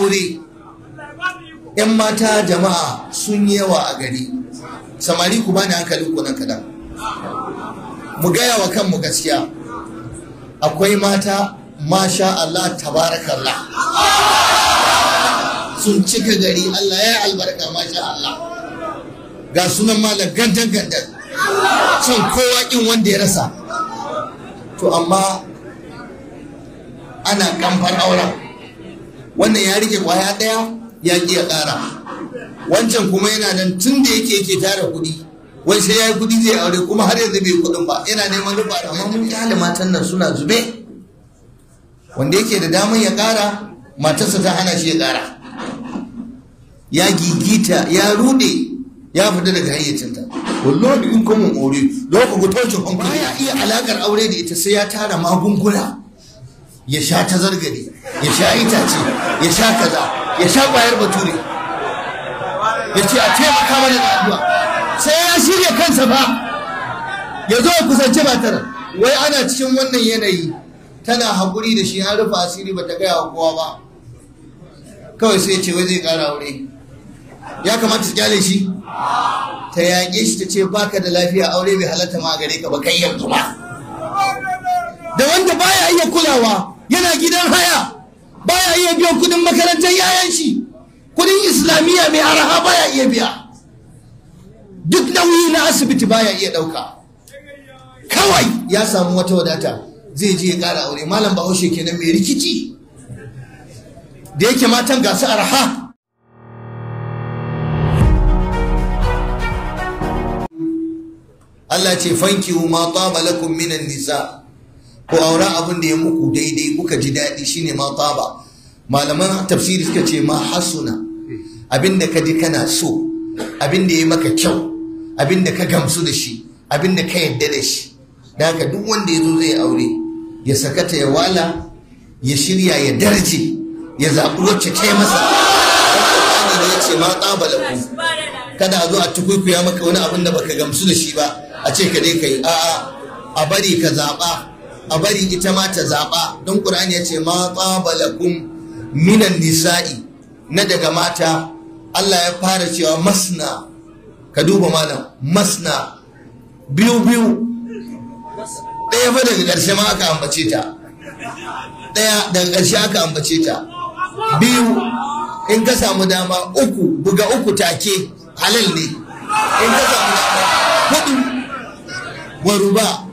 aure yan mata jama'a sun yi yawa a gari samari ku bani hankali ku nan kadan mu gaya wa kanmu gaskiya akwai mata masha Allah tabarakallah sun cika gari Allah ya albarka masha Allah ga sunan malam gandan gandan sun kowa kin wanda ya rasa to amma ana kamfan auren wannan ya rike kwaya ɗaya ya ki ya kara wancan kuma yana nan tun da yake yake tara kuɗi wai sai ya yi kuɗi zai aure kuma har yanzu bai kuɗin ba yana neman rufa da amma mun matan nan suna zube wanda yake da damar ya ƙara matarsa ta hana shi ya ƙara ya gigita ya rude ya fita daga hayyacinta da in kuma aure lokacin gutocin hankali ya iya alakar aure da ita sai ya tara magunguna ya sha ta zargari ya sha itace ya sha kaza ya sha ƙwayar bature ya ce a taimaka mana da addu'a sai ya shirya kansa ba ya zo a kusanci matar wai ana cikin wannan yanayi tana haƙuri da shi an rufe asiri ba ta gaya wa kowa ba kawai sai ce wai zai ƙara aure ya kamata su gyale shi ta yaƙe shi ta ce baka da lafiya aure bai halatta ma gare ka ba kai yanzu ba da wanda baya iya kulawa yana gidan haya baya iya biyan kudin makarantar yayan shi kudin islamiyya mai araha baya iya biya duk nauyi na asibiti baya iya dauka kawai ya samu wata wadata zai je ya kara aure malam bahaushe kenan mai rikici da yake matan gasu araha Allah ce fanki ma taba minan nisa ku aura abin da ya muku daidai kuka ji daɗi shine ma taba malaman tafsiri suka ce ma hasuna abin da ka ji kana so abin da ya maka kyau abin da ka gamsu da shi abin da ka yadda da shi da haka duk wanda ya zo zai aure ya sakata ya wala ya shirya ya darje ya zaɓi wacce ta yi masa ya ce ma tsabala ku kada a zo a tukuikuya maka wani abin da baka gamsu da shi ba a ce ka dai ka yi a'a a bari ka zaɓa a bari ita ma ta zaɓa don ƙur'ani ya ce ma tsabalakun minan nisa'i na daga mata Allah ya fara cewa masna ka duba malam masna biyu biyu ɗaya fa daga ƙarshe ma aka ambace ta ɗaya daga ƙarshe aka ambace ta biyu in ka samu dama uku buga uku take halal ne in ka samu dama hudu waruba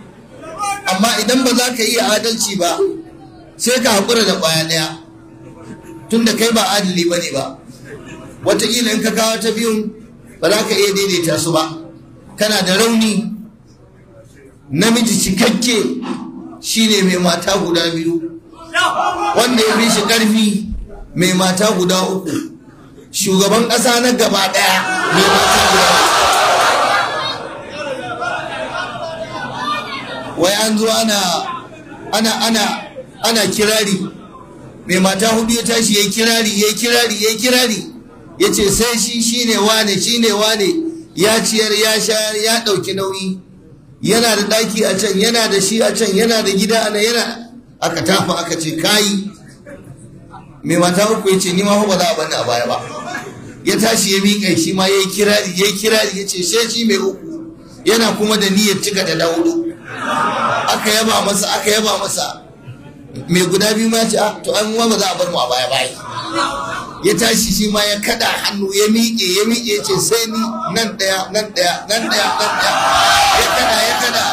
amma idan ba za ka iya adalci ba sai ka haƙura da ƙwaya ɗaya tun da kai ba adali ba ne ba wataƙila in ka kawo ta biyun ba za ka iya daidaita su ba kana da rauni namiji cikakke shine mai mata guda biyu wanda ya fi shi ƙarfi mai mata guda uku shugaban ƙasa na gaba ɗaya mai mata guda uku wai an zo ana ana ana ana kirari mai mata hudu ya tashi ya kirari ya kirari ya kirari ya ce sai shi shine wane shine wane ya ciyar ya shayar ya ɗauki nauyi yana da ɗaki a can yana da shi a can yana da gida ana yana aka tafa aka ce kayi mai mata uku ya ce ni ma ba za a bani a baya ba ya tashi ya miƙa shi ma ya yi kirari ya yi kirari ya ce sai shi mai uku yana kuma da niyyar cika da na hudu aka yaba masa aka yaba masa mai guda biyu ma ce ah, to an ma maza za a bar mu a baya baya ya tashi shi ma ya kada hannu ya miƙe ya miƙe ce sai ni nan ɗaya nan ɗaya nan ɗaya nan ɗaya ya kada ya kada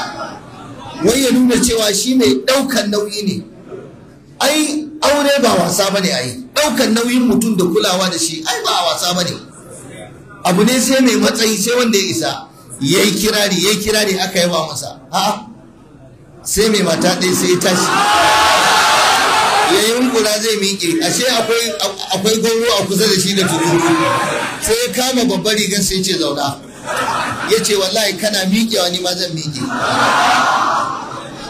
wai ya nuna cewa shi mai ɗaukan nauyi ne ai aure ba wasa bane ai ɗaukan nauyin mutum da kulawa da shi ai ba wasa bane abu ne sai mai matsayi sai wanda ya isa ya yi kirari ya yi kirari aka yaba masa ha? sai mai mata ɗaya sai ya tashi ya hunkula zai miƙe ashe akwai gauro a kusa da shi da turu sai ya kama babbar rigar sai ce zauna ya ce wallahi kana miƙewa ni ma zan miƙe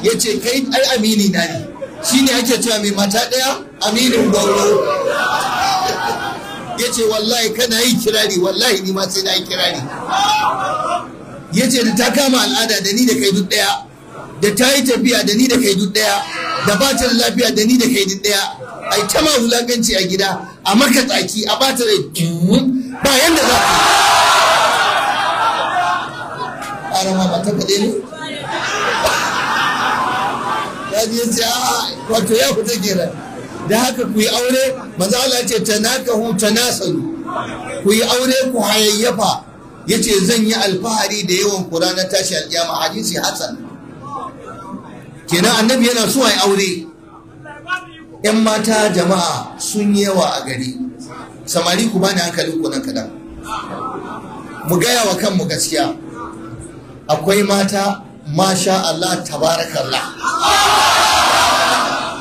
ya ce kai ai amini na ne shi ne ake cewa mai mata ɗaya aminin gauro ya ce wallahi kana yi kirari wallahi ni ma sai na yi kirari ya ce da ta kama al'ada da ni da kai duk ɗaya da ta yi tafiya da ni da kai duk ɗaya da ba ta da lafiya da ni da kai duk ɗaya a ta ma wulaƙanci a gida a maka tsaki a ba ta da ba yanda za ka yi ba ta kaɗe ne ya ji ya ce a wato ya fita kenan da haka ku yi aure maza Allah ce ta nasaru ku yi aure ku hayayyafa Ya ce zan yi alfahari da yawan ku ranar tashi alƙiyama hadisi Hassan. kenan annabi yana so ai aure yan mata jama'a sun yawa a gari samari ku bani hankali ku nan kadan mu gaya wa kanmu gaskiya akwai mata masha Allah tabarakallah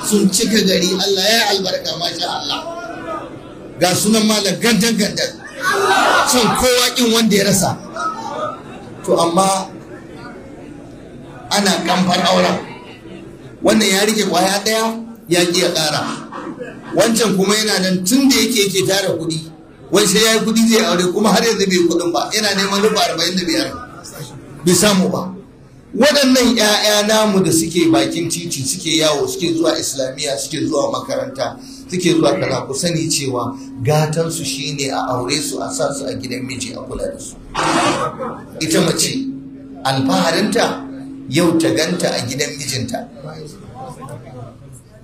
sun cika gari Allah ya albarka masha Allah ga sunan malam gandan gandan cin kowa kin wanda ya rasa to amma ana kamfan aura wannan ya rike kwaya ɗaya ya ƙi ya ƙara. wancan kuma yana nan tun da yake yake tara kuɗi wai sai ya yi kuɗi zai aure kuma har yanzu bai kuɗin ba yana neman rufa arba'in da biyar bai samu ba waɗannan 'ya'ya namu da suke bakin titi suke yawo suke zuwa islamiyya suke zuwa makaranta suke zuwa kaza ku sani cewa gatansu shine a aure su a sa su a gidan miji a kula da su ita mace alfaharinta yau ta ganta a gidan mijinta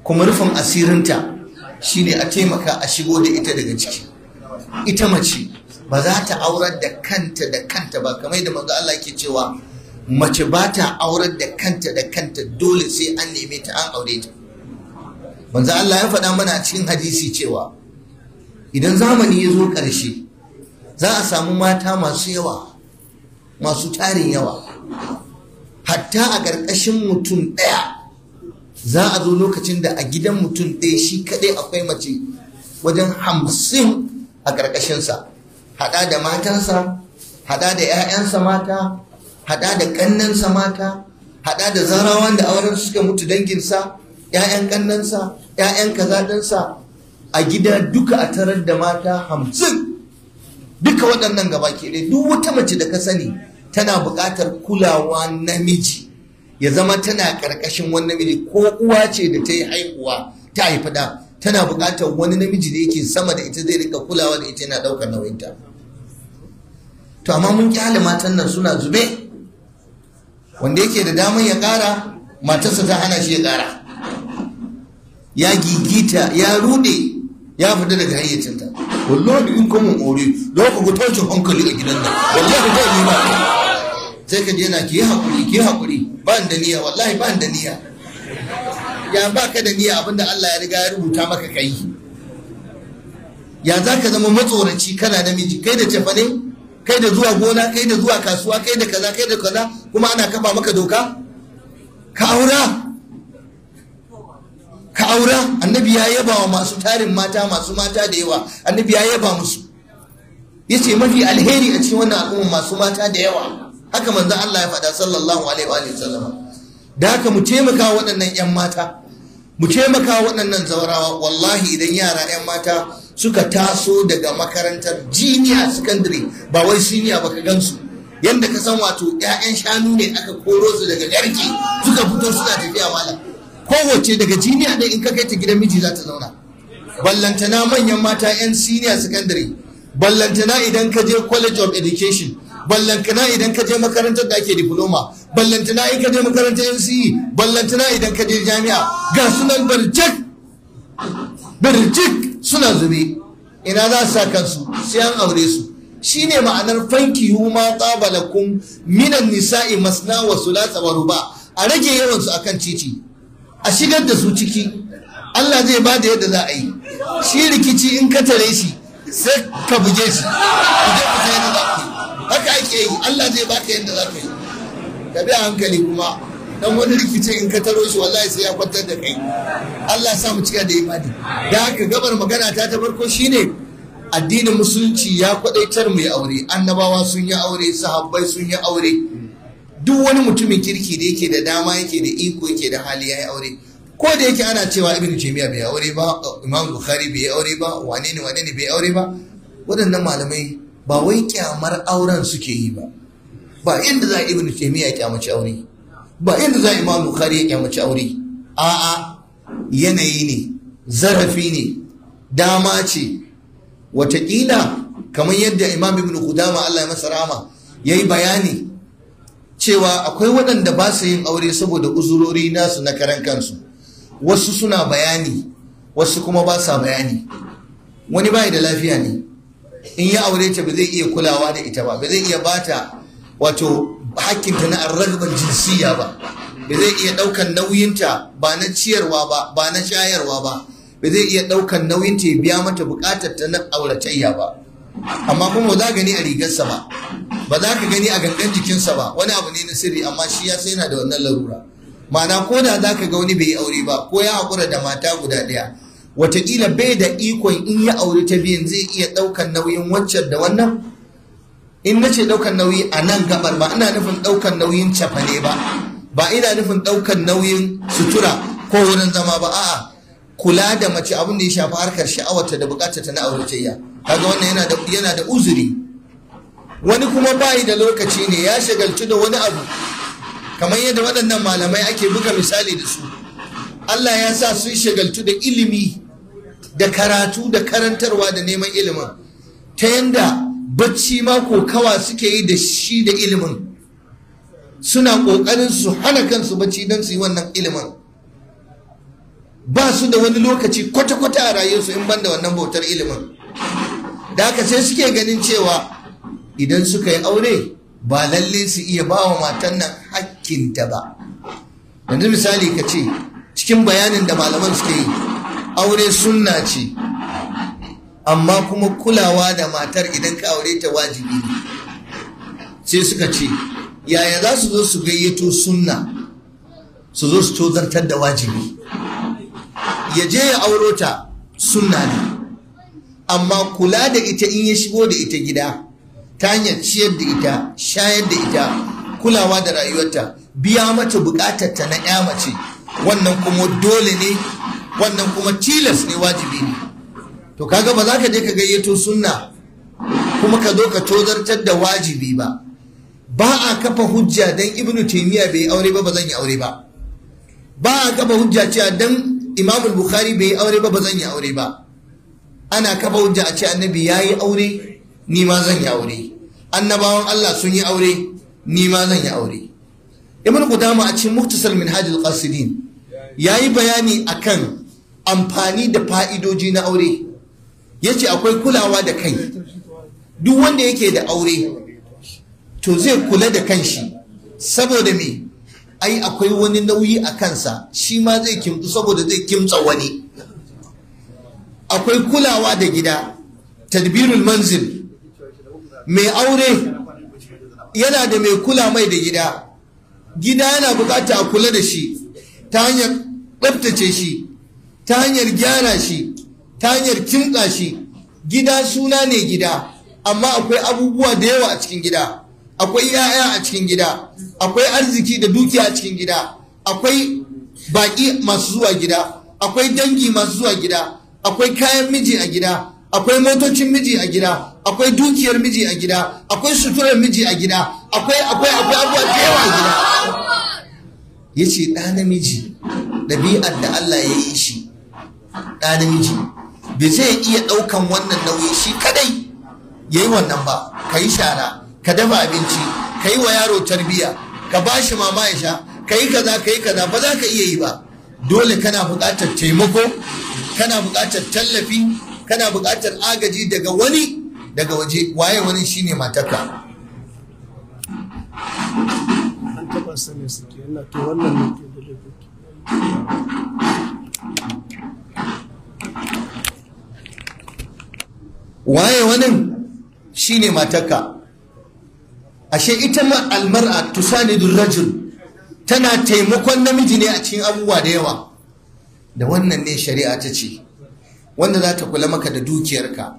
kuma rufin asirinta shine a taimaka a shigo da ita daga ciki ita mace ba za ta aurar da kanta da kanta ba kamar da maza Allah ke cewa mace ba ta aurar da kanta da kanta dole sai an neme ta an aure ta manzo Allah ya faɗa mana a cikin hadisi cewa idan zamani ya zo ƙarshe za a samu mata masu yawa masu tarin yawa hatta a ƙarƙashin mutum ɗaya za a zo lokacin da a gidan mutum ɗaya shi kaɗai akwai mace wajen hamsin a ƙarƙashinsa haɗa da matansa haɗa da 'ya'yansa mata Haɗa da ƙannansa mata haɗa da zarawan da auren suka mutu danginsa ƴaƴan ƙannansa ƴaƴan kazaɗinsa a gida duka a tarar da mata hamsin duka waɗannan gaba ke duk wata mace da ka sani tana buƙatar kulawa namiji ya zama tana ƙarƙashin wani namiji ko uwa ce da ta yi haihuwa ta haifi da tana buƙatar wani namiji da yake sama da ita zai rika kulawa da ita yana ɗaukar nauyinta to amma mun ƙyale matan nan suna zube wanda yake da damar ya ƙara matarsa ta hana shi ya ƙara ya gigita ya rude ya fita daga hayyacinta wallahi in kuma ore da ku ku taushe hankali a gidan nan wallahi ba ni ba sai ka je na ki hakuri ki hakuri ba da niyya wallahi ba da niyya ya ba ka da niyya abinda Allah ya riga ya rubuta maka kai ya za ka zama matsoraci kana namiji kai da cefa ne kai da zuwa gona kai da zuwa kasuwa kai da kaza kai da kaza kuma ana kafa maka doka ka aura ka aura annabi ya yaba wa masu tarin mata masu mata da yawa annabi ya yaba musu yace mafi alheri a cikin wannan al'umma masu mata da yawa haka manzo Allah ya faɗa sallallahu alaihi wa sallama da haka mu taimaka waɗannan 'yan mata mu taimaka waɗannan zawarawa wallahi idan yara 'yan mata suka taso daga makarantar jiniya secondary ba wai siniya ba ka gansu yadda ka san wato 'ya'yan shanu ne aka koro su daga garke suka fito suna tafiya malam kowace daga jiniya ɗin in ka kai ta gidan miji za ta zauna ballantana manyan mata 'yan siniya secondary ballantana idan ka je college of education ballantana idan ka je makarantar da ake diploma ballantana in ka je makarantar NCE ballantana idan ka je jami'a ga sunan birjik birjik suna zube ina za su sa kansu sai an aure su Shi ne ma'anar fanki huma tsabalakun minan nisa'i masna wa sulasa wa ruba a rage yawan su akan titi a shigar da su ciki Allah zai ba da yadda za a yi shi rikici in ka tare shi sai ka buge shi haka ake yi Allah zai baka yadda za ka yi ka bi a hankali kuma dan wani rikice in ka taro shi wallahi sai ya kwantar da kai Allah ya sa mu cika da imani da haka gabar magana ta ta farko shine addinin musulunci ya kwadaitar mu ya aure annabawa sun yi aure sahabbai sun yi aure duk wani mutumin kirki da yake da dama yake da iko yake da hali ya yi aure ko da yake ana cewa ibnu jami'a bai aure ba imam bukhari bai aure ba wane ne wane ne bai aure ba waɗannan malamai ba wai kyamar auren suke yi ba ba inda za a ibnu jami'a ya kyamaci aure ba inda za imam bukhari ya mace aure a'a yanayi ne zarafi ne dama ce watakila kamar yadda imam ibn kudama allah ya masa rama ya yi bayani cewa akwai waɗanda ba su yin aure saboda uzurori nasu na karan kansu wasu suna bayani wasu kuma ba sa bayani wani bai da lafiya ne in yi aure ta ba zai iya kulawa da ita ba ba zai iya bata wato Ba hakkinta na arragbar jinsiya ba ba zai iya ɗaukan nauyinta ba na ciyarwa ba ba na shayarwa ba ba zai iya ɗaukan nauyinta ya biya mata buƙatar ta na auratayya ba amma kuma za gani a rigarsa ba ba za ka gani a gangan jikinsa ba wani abu ne na sirri amma shi ya sai yana da wannan larura ma'ana ko da za ka ga wani bai yi aure ba ko ya haƙura da mata guda ɗaya wataƙila bai da ikon in ya aure ta biyan zai iya ɗaukan nauyin waccan da wannan in na ce ɗaukar nauyi a nan gabar ba ina nufin ɗaukar nauyin cafane ba ba ina nufin ɗaukar nauyin sutura ko wurin zama ba a'a kula da mace abin da ya shafi harkar sha'awarta da bukatar ta na auratayya kaga wannan yana da yana da uzuri wani kuma bayi da lokaci ne ya shagaltu da wani abu kamar yadda waɗannan malamai ake buga misali da su Allah ya sa sun shagaltu da ilimi da karatu da karantarwa da neman ilimin ta yanda bacci ma kokawa suke yi da shi da ilimin suna ƙoƙarin su hana kansu bacci don su yi wannan ilimin ba su da wani lokaci kwata-kwata a rayuwarsu in ban da wannan bautar ilimin da aka sai suke ganin cewa idan suka yi aure ba lalle su iya ba wa matan nan hakkinta ba yanzu misali ka ce cikin bayanin da malaman suke yi aure sunna ce amma kuma kulawa da matar idan ka aure ta wajibi ne sai suka ce yaya za su zo su gayyato sunna su zo su tozartar da wajibi ya je ya auro ta sunna ne amma kula da ita in ya shigo da ita gida ta hanyar ciyar da ita shayar da ita kulawa da rayuwarta biya mata bukatar ta na ya mace wannan kuma dole ne wannan kuma tilas ne wajibi ne to kaga ba za ka je ka gayyato sunna kuma ka zo ka tozartar da wajibi ba ba a kafa hujja dan ibnu taymiya bai aure ba ba zan yi aure ba ba a kafa hujja cewa dan imam bukhari bai aure ba ba zan yi aure ba ana kafa hujja a ce annabi yayi aure ni ma zan yi aure annabawan Allah sun yi aure ni ma zan yi aure ibn qudama a cikin muktasar minhaj al-qasidin yayi bayani akan amfani da fa'idoji na aure ya ce akwai kulawa da kai duk wanda yake da aure to zai kula da kanshi saboda me ai akwai wani nauyi a kansa shi ma zai kimtsu saboda zai kimtsa wani akwai kulawa da gida tadbirul manzil mai aure yana da mai kula mai da gida gida yana bukata a kula da shi ta hanyar tsabtace shi ta hanyar gyara shi ta hanyar kimtsa shi gida suna ne gida amma akwai abubuwa da yawa a cikin gida akwai 'ya'ya a cikin gida akwai arziki da dukiya a cikin gida akwai baƙi masu zuwa gida akwai dangi masu zuwa gida akwai kayan miji a gida akwai motocin miji a gida akwai dukiyar miji a gida akwai suturar miji a gida akwai akwai akwai abubuwa da yawa a gida yace ɗa namiji ɗabi'ar da Allah ya yi shi ɗa namiji ba zai iya ɗaukan wannan nauyi shi kadai ya yi wannan ba ka yi shara ka dafa abinci ka yi wa yaro tarbiyya, ka ba shi mama ya sha ka yi kaza ka yi kaza ba za ka iya yi ba dole kana buƙatar taimako kana buƙatar tallafi kana buƙatar agaji daga wani daga waje waye wani shine matarka waye wani shine matarka ashe ita ma almar'a da rajul tana taimakon namiji ne a cikin abubuwa da yawa da wannan ne shari'a ta ce wanda za ta kula maka da dukiyarka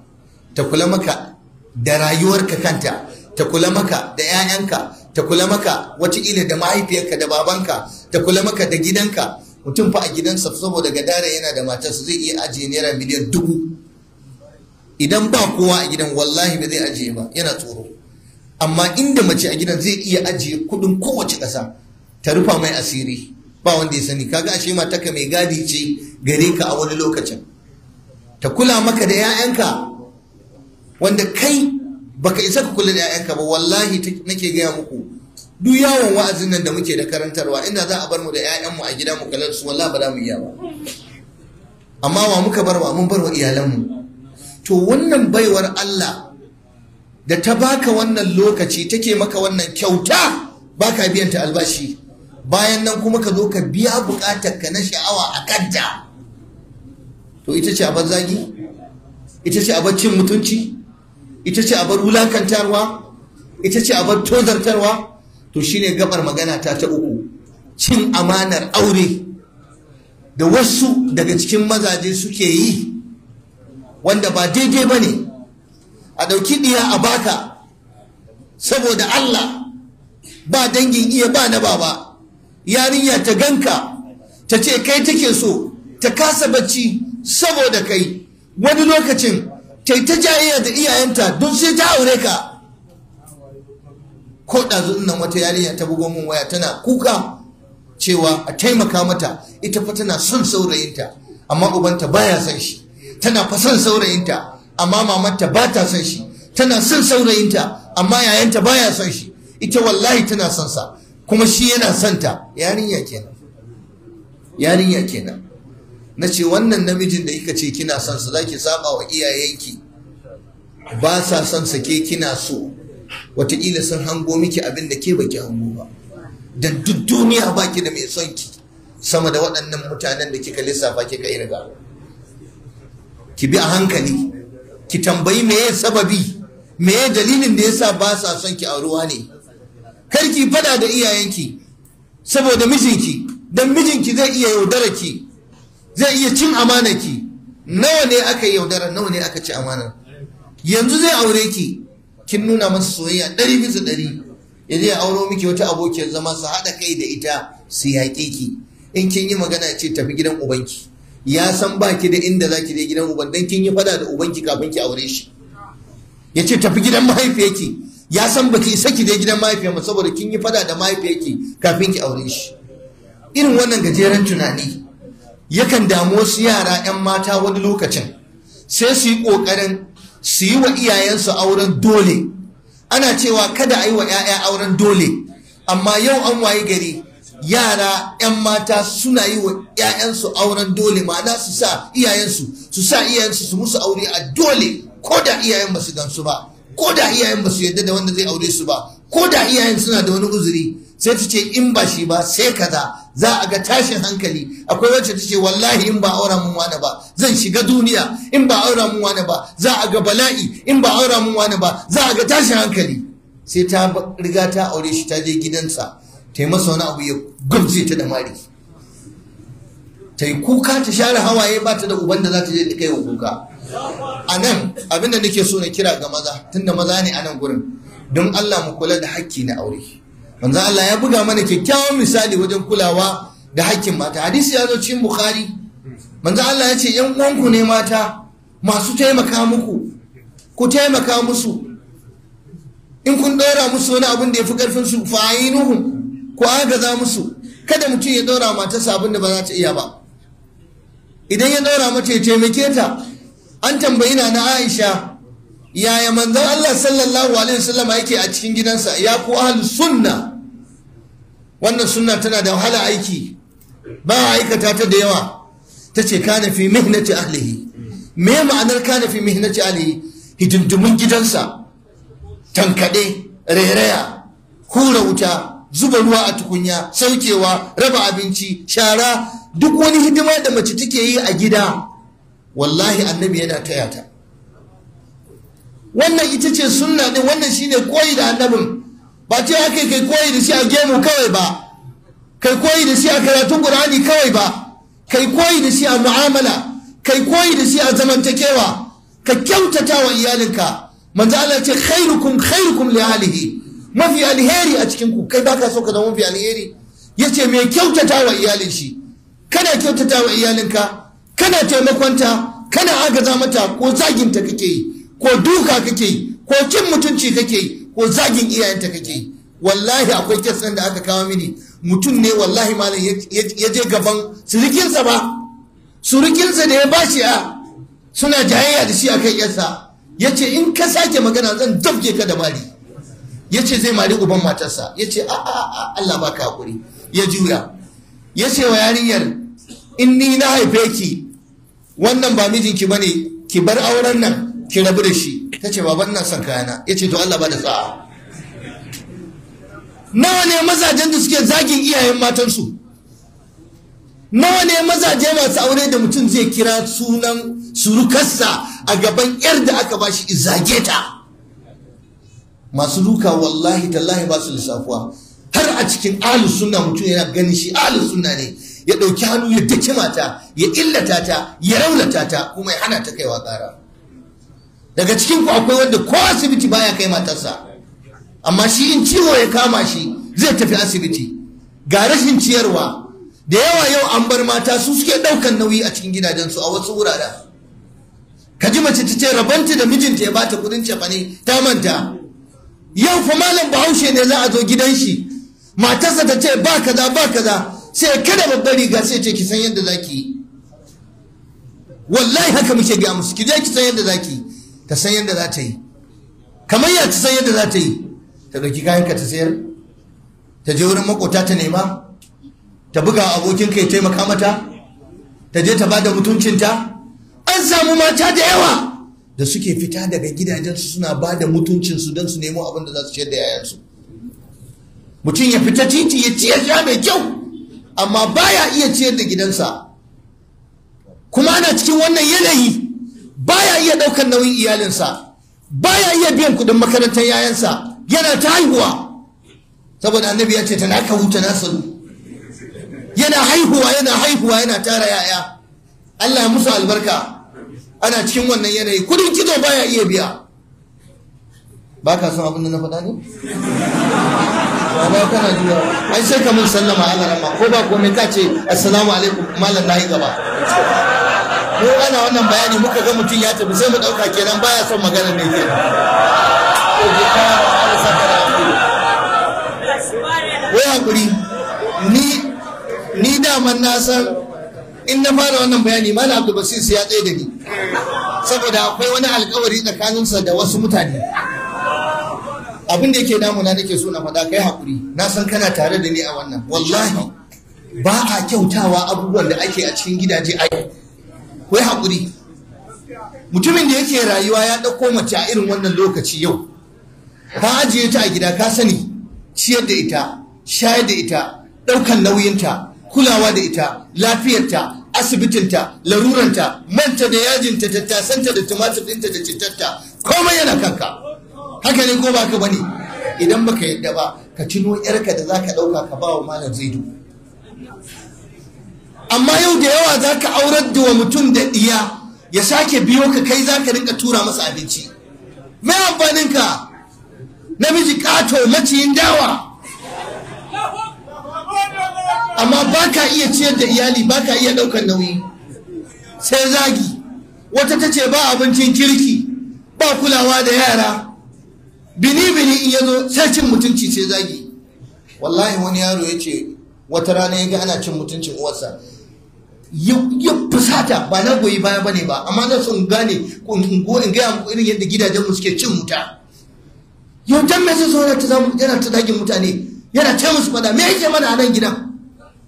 ta kula maka da rayuwarka kanta ta kula maka da 'ya'yanka ta kula maka watakila da mahaifiyarka da babanka ta kula maka da gidanka mutum fa a gidansa saboda gadara yana da matarsa zai iya ajiye naira miliyan dubu idan ba kowa a gidan wallahi ba zai ajiye ba yana tsoro amma inda mace a gidan zai iya ajiye kudin kowace ƙasa ta rufa mai asiri ba wanda ya sani kaga ashe matarka mai gadi ce gare ka a wani lokacin ta kula maka da 'ya'yanka wanda kai baka isa ka kula da 'ya'yanka ba wallahi nake gaya muku duk yawon wa'azin nan da muke da karantarwa inda za a bar mu da 'ya'yanmu a gida mu kalar su wallahi ba za mu iya ba amma wa muka bar wa mun bar wa iyalanmu to wannan baiwar Allah da ta baka wannan lokaci take maka wannan kyauta baka biyan ta albashi bayan nan kuma ka zo ka biya bukatar ka na sha'awa a kanta to ita ce abar zagi ita ce abar cin mutunci ita ce abar wulakantarwa ita ce abar tozartarwa to shine gabar magana ta ta uku cin amanar aure da wasu daga cikin mazaje suke yi wanda ba daidai ba ne a ɗauki ɗiya a baka saboda Allah ba dangin iya ba na baba yarinya ta ganka ta ce kai take so ta kasa bacci saboda kai wani lokacin ta yi ta jayayya da iyayenta don sai ta aure ka ko ɗazu nan wata yarinya ta bugo min waya tana kuka cewa a taimaka mata ita fa tana son saurayinta amma ubanta baya son shi tana fa son saurayinta amma mamanta ba ta son shi tana son saurayinta amma yayanta baya son shi ita wallahi tana son sa kuma shi yana son ta yarinya kenan yarinya kenan na ce wannan namijin da kika ce kina son sa zaki saba wa iyayenki ba sa son sa ke kina so wataƙila sun hango miki abin da ke baki hango ba Da duk duniya baki da mai son ki sama da waɗannan mutanen da kika lissafa kika irga ki bi a hankali ki tambayi me sababi meye dalilin da yasa ba sa son ki ruwa ne kar ki fada da iyayenki saboda mijinki dan mijinki zai iya yaudara ki zai iya cin amana ki. nawa ne aka yi yaudara nawa ne aka ci amana yanzu zai aure ki kin nuna masa soyayya ɗari bisa ɗari ya zai auro miki wata abokiyar zama su haɗa kai da ita su yaƙe ki in kin yi magana ce tafi gidan ubanki ya san baki da inda zaki je gidan uban dan kin yi fada da uban ki kafin ki aure shi ya ce tafi gidan mahaifiyarki ya san baki isa ki je gidan mahaifiyar saboda kin yi fada da mahaifiyarki kafin ki aure shi irin wannan gajeren tunani yakan damu wasu yara 'yan mata wani lokacin sai su yi ƙoƙarin su yi wa iyayensu auren dole ana cewa kada a yi wa 'ya'ya auren dole amma yau an wayi gari yara 'yan mata suna yi wa 'ya'yansu auren dole ma'ana su sa iyayensu su sa iyayensu su musu aure a dole ko da iyayen basu gansu ba ko da iyayen basu yadda da wanda zai aure su ba ko da iyayen suna da wani uzuri sai ta ce in ba shi ba sai kaza za a ga tashin hankali akwai wacce ta ce wallahi in ba aura mun wani ba zan shiga duniya in ba aura mun wani ba za a ga bala'i in ba aura mun wani ba za a ga tashin hankali sai ta riga ta aure shi ta je gidansa ta wani abu ya gwabze ta da mari ta yi kuka ta share hawaye ba ta da uban da za ta je ta kai wa kuka a nan abinda nake so na kira ga maza tun da maza ne a nan gurin don Allah mu kula da hakki na aure manzo Allah ya buga mana kyakkyawan misali wajen kulawa da hakkin mata hadisi ya zo cikin bukhari manzo Allah ya ce yan uwanku ne mata masu taimaka muku ku taimaka musu in kun ɗora musu wani abin da ya fi ƙarfin su fa'inuhum ga za musu kada mutum ya ɗora mata abin da ba za ta iya ba idan ya ɗora mata ya taimake ta an tambayi na na aisha yaya manzan allah sallallahu alaihi wasallama yake a cikin gidansa ya ku ahal sunna wannan sunna tana da wahala aiki ba a aikata ta da yawa ta ce kana fi mihnati ahlihi me ma'anar kana fi mihnati ahlihi hidindimin gidansa Tankade, rairaya hura wuta zuba ruwa a tukunya saukewa raba abinci shara duk wani hidima da mace take yi a gida wallahi annabi yana taya ta wannan ita ce sunna ne wannan shine koyi da annabin ba ce aka kai koyi da shi a gemu kawai ba kai koyi da shi a karatun qur'ani kawai ba kai koyi da shi a mu'amala kai koyi da shi a zamantakewa ka kyautata wa iyalinka manzo Allah ce khairukum khairukum li ahlihi mafi alheri a cikin ku kai baka so ka zama mafi alheri yace mai kyautata wa iyalin shi kana kyautata wa iyalinka kana taimakonta kana agaza mata ko zaginta kake yi ko duka kake yi ko cin mutunci kake yi ko zagin iyayenta kake yi wallahi akwai kyasan da aka kawo mini mutum ne wallahi malam ya je gaban surukinsa ba surukinsa da ya bashi a suna jayayya da shi akan yarsa ya ce in ka sake magana zan dabke ka da mari ya ce zai mari uban matarsa ya ce a a a Allah ba ka haƙuri ya juya ya ce wa yarinyar in ni na haife ki wannan ba mijinki ba ne ki bar auren nan ki rabu da shi ta ce baban wannan son kayana ya ce to Allah ba da sa'a nawa ne mazajen da suke zagin iyayen matansu nawa ne mazaje masu aure da mutum zai kira sunan surukarsa a gaban yar da aka bashi izage ta masu duka wallahi tallahi ba su lissafuwa har a cikin ahlus sunna mutum yana ganin shi ahlus sunna ne ya ɗauki hannu ya daki mata ya illata ta ya raunata ta kuma ya hana ta kaiwa ƙara daga cikin ku akwai wanda ko asibiti baya kai matarsa amma shi in ciwo ya kama shi zai tafi asibiti ga rashin ciyarwa da yawa yau an bar mata su suke ɗaukan nauyi a cikin gidajen su a wasu wurare? ka ji mace ta ce rabanta da mijinta ya bata kudin cefane ta manta yau fa malam bahaushe ne za a zo gidan shi matarsa ta ce ba kaza ba kaza sai kada babbar riga sai ce ki san yadda zaki yi wallahi haka muke ga musu ki je ki san yadda zaki ta san yadda za ta yi kamar ya ta san yadda za ta yi ta dauki kayan ka ta sayar ta je wurin makota ta nema ta buga abokin kai taimaka mata ta je ta bada mutuncinta an samu mata da yawa da suke fita daga gidajensu suna ba da mutuncinsu don su nemo abin da za su ciyar da yayansu mutum ya fita titi ya ciyar ya mai kyau amma baya iya ciyar da gidansa kuma ana cikin wannan yanayi baya iya ɗaukar nauyin iyalinsa baya iya biyan kuɗin makarantar yayansa yana ta haihuwa saboda annabi ya ce ta naka huta nasiru yana haihuwa yana haihuwa yana tara yaya Allah ya musu albarka ana cikin wannan yanayi kudin kitso baya iya biya ba ka san abin da na faɗa ne ba kana juya ai sai ka mun sallama ala rama ko ba komai ka ce assalamu alaikum malam nayi gaba ko ana wannan bayani muka ga mutum ya tafi sai mu dauka kenan baya son magana ne ke wai hakuri ni ni daman na san in na fara wannan bayani mana abdul basir ya tsaye da ni saboda akwai wani alkawari tsakaninsa da wasu mutane abin da yake damuna nake so na faɗa kai haƙuri na san kana tare da ni a wannan wallahi ba a kyautawa abubuwan da ake a cikin gidaje a kai hakuri. mutumin da yake rayuwa ya ɗauko mace a irin wannan lokaci yau ka ajiye ta a gida ka sani ciyar da ita shayar da ita ɗaukan nauyinta kulawa da ita lafiyarta asibitinta laruranta manta da yajinta tattasanta da tumatir ɗinta da cittatta komai yana kanka haka ne ko ba ka bani idan baka yadda ba ka cino yarka da zaka ɗauka ka ba wa malam zaidu amma yau da yawa zaka aurar da wa mutum da ɗiya ya sake biyo ka kai zaka rinka tura masa abinci mai amfaninka namiji ƙato maciyin dawa amma ba ka iya ciyar da iyali ba ka iya ɗaukar nauyi sai zagi wata ta ce ba abincin kirki ba kulawa da yara bini bini in yazo sai cin mutunci sai zagi wallahi wani yaro ya ce wata rana ya ga ana cin mutuncin uwarsa ya fusata ba na goyi baya bane ba amma na son gane in gaya muku irin yadda gidajenmu suke cin wuta yau can me zai zo yana ta zagin mutane yana ce musu fada me yake mana a nan gidan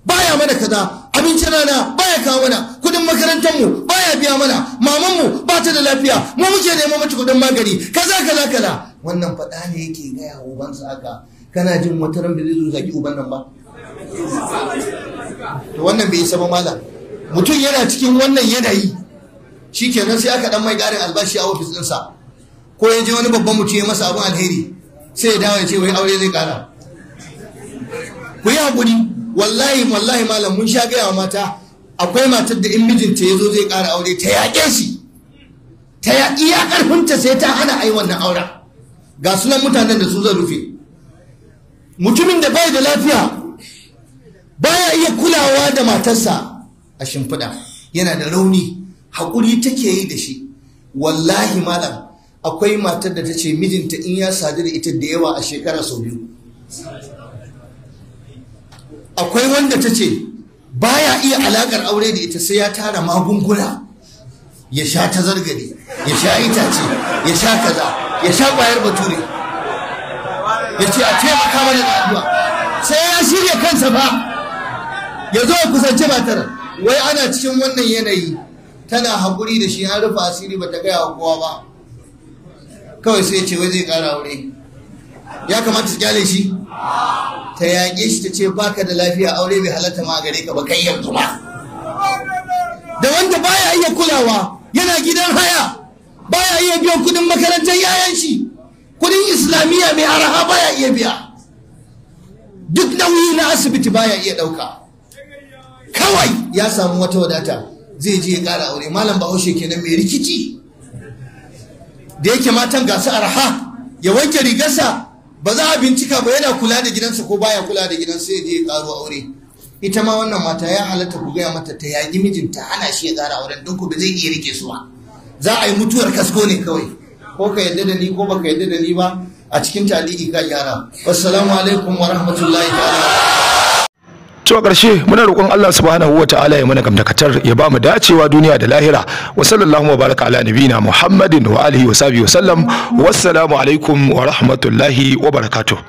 baya mana kaza abincin rana baya kawo mana kudin makarantar mu baya biya mana maman mu ba ta da lafiya mu muke neman mata kudin magani kaza kaza kaza wannan faɗa ne yake gaya ubansa aka. kana jin wata ran da zai zo zaki uban nan ba to wannan bai isa ba malam mutum yana cikin wannan yanayi shikenan sai aka dan mai garin albashi a ofis ɗinsa ko ya je wani babban mutum ya masa abin alheri sai ya dawo ya ce wai aure zai kara ku yi hakuri wallahi wallahi malam mun sha gaya mata akwai matar da in mijinta ya zo zai ƙara aure ta yaƙe shi ta yaƙi ya ƙarfinta sai ta hana a yi wannan auren ga sunan mutanen da su zan rufe mutumin da bai da lafiya baya iya kulawa da matarsa a shimfiɗa yana da rauni haƙuri take yi da shi wallahi malam akwai matar da ta ce mijinta in ya sadu da ita da yawa a shekara sau biyu akwai wanda ta ce baya iya alakar aure da ita sai ya tara magunguna ya sha ta zargari ya sha itace ya sha kaza ya sha kwayar bature ya ce a taimaka mana da addu'a sai ya shirya kansa ba ya zo kusanci matar wai ana cikin wannan yanayi tana haƙuri da shi an rufe asiri ba ta gaya wa kowa ba kawai sai ce wai zai ƙara aure ya kamata su kyale shi ta yaƙe shi ta ce baka da lafiya aure bai halatta ma gare ka ba kai yanzu ba da wanda baya iya kulawa yana gidan haya baya iya biyan kudin makarantar yayan shi kudin islamiyya mai araha baya iya biya duk nauyi na asibiti baya iya ɗauka kawai ya samu wata wadata zai je ya ƙara aure malam bahaushe kenan mai rikici da yake matan gasu arha ya wanke rigarsa ba za a bincika ba yana kula da gidansa ko baya kula da gidansa ya je ya karo aure ita ma wannan mata ya halatta ku gaya mata ta yaƙi mijinta ana shi ya ƙara auren don ku ba zai iya rike su ba za a yi mutuwar kasko ne kawai ko ka yadda da ni ko baka yadda da ni ba a cikin taliki ka gyara wassalamu alaikum wa rahmatullahi ta'ala to karshe ƙarshe muna roƙon Allah subhanahu wa ta'ala ya mana gamtakatar ya ba mu dacewa duniya da lahira wa sallallahu wa baraka ala nabiyina Muhammadin wa alihi wa sahbihi wa sallam wassalamu alaikum wa rahmatullahi wa barakatuh